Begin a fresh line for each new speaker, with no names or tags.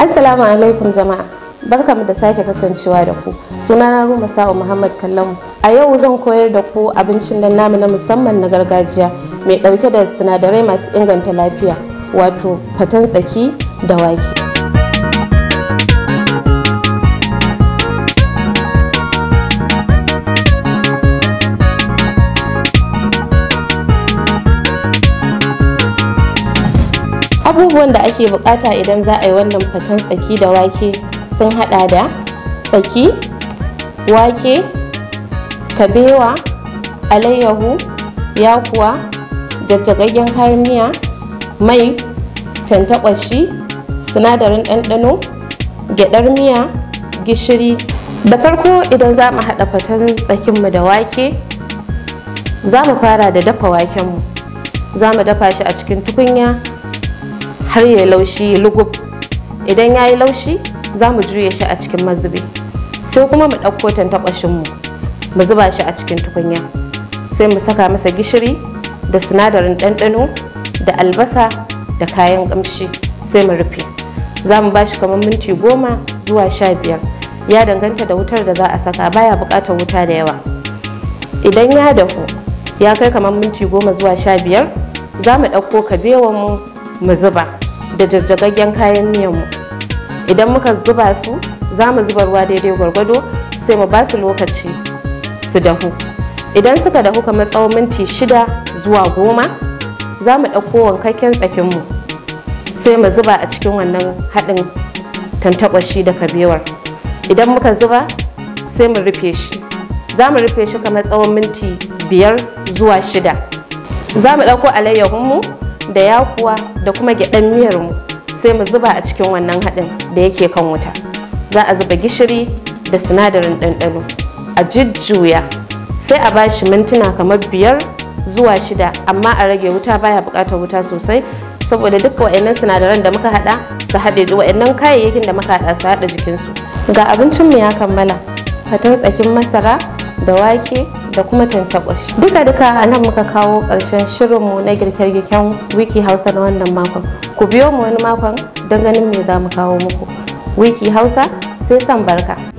Assalamu alaikum jama'a. Barkamu da sake kasancewa da ku. Sunana Ruma Sa'u Muhammad Kallamu. A yau zan koyar da ku abincin nan namu na musamman na gargajiya mai ɗauke da sinadarai masu inganta lafiya, wato fatan tsaki da wake. abubuwan da ake bukata idan za a yi wannan faten tsaki da wake sun hada da tsaki wake kabewa alayyahu yakuwa jajjagaggen kayan miya mai tantakwashi sinadarin ɗanɗano gyaɗar miya gishiri da farko idan za mu haɗa faten tsakinmu da wake za mu fara da dafa wakenmu za mu dafa shi a cikin tukunya har ya laushi lugub idan ya yi laushi za mu juye shi a cikin mazubi sai kuma mu ɗauko tantaɓashinmu mu mu zuba shi a cikin tukunya sai mu saka masa gishiri da sinadarin ɗanɗano da albasa da kayan ƙamshi sai mu rufe za mu ba shi kamar minti goma zuwa sha biyar ya danganta da wutar da za a saka baya buƙatar wuta da yawa idan ya dahu ya kai kamar minti goma zuwa sha biyar za mu ɗauko kabewanmu mu zuba da jajjagaggen kayan miyan mu idan muka zuba su za mu zuba ruwa daidai gwargwado sai mu ba su lokaci su dahu idan suka dahu kamar tsawon minti shida zuwa goma za mu ɗauko wankakken tsakinmu sai mu zuba a cikin wannan haɗin tantakwashi da kabewar idan muka zuba sai mu rufe shi za mu rufe shi kamar tsawon minti biyar zuwa shida za mu ɗauko alayyahunmu da yakuwa da kuma gyaɗan miyar mu sai mu zuba a cikin wannan haɗin da yake kan wuta za a zuba gishiri da sinadarin ɗanɗano a jujjuya sai a ba shi mintuna kamar biyar zuwa shida amma a rage wuta baya buƙatar wuta sosai saboda duka wa'annan sinadaran da muka haɗa su haɗe wa'annan kayayyakin da muka haɗa su haɗa jikinsu ga abincinmu ya kammala fatan tsakin masara da wake da kuma tantaɓash duka duka a nan muka kawo ƙarshen shirinmu na girke-girken wiki hausa na wannan makon ku biyo mu wani makon don ganin me za mu kawo muku wiki hausa sai san barka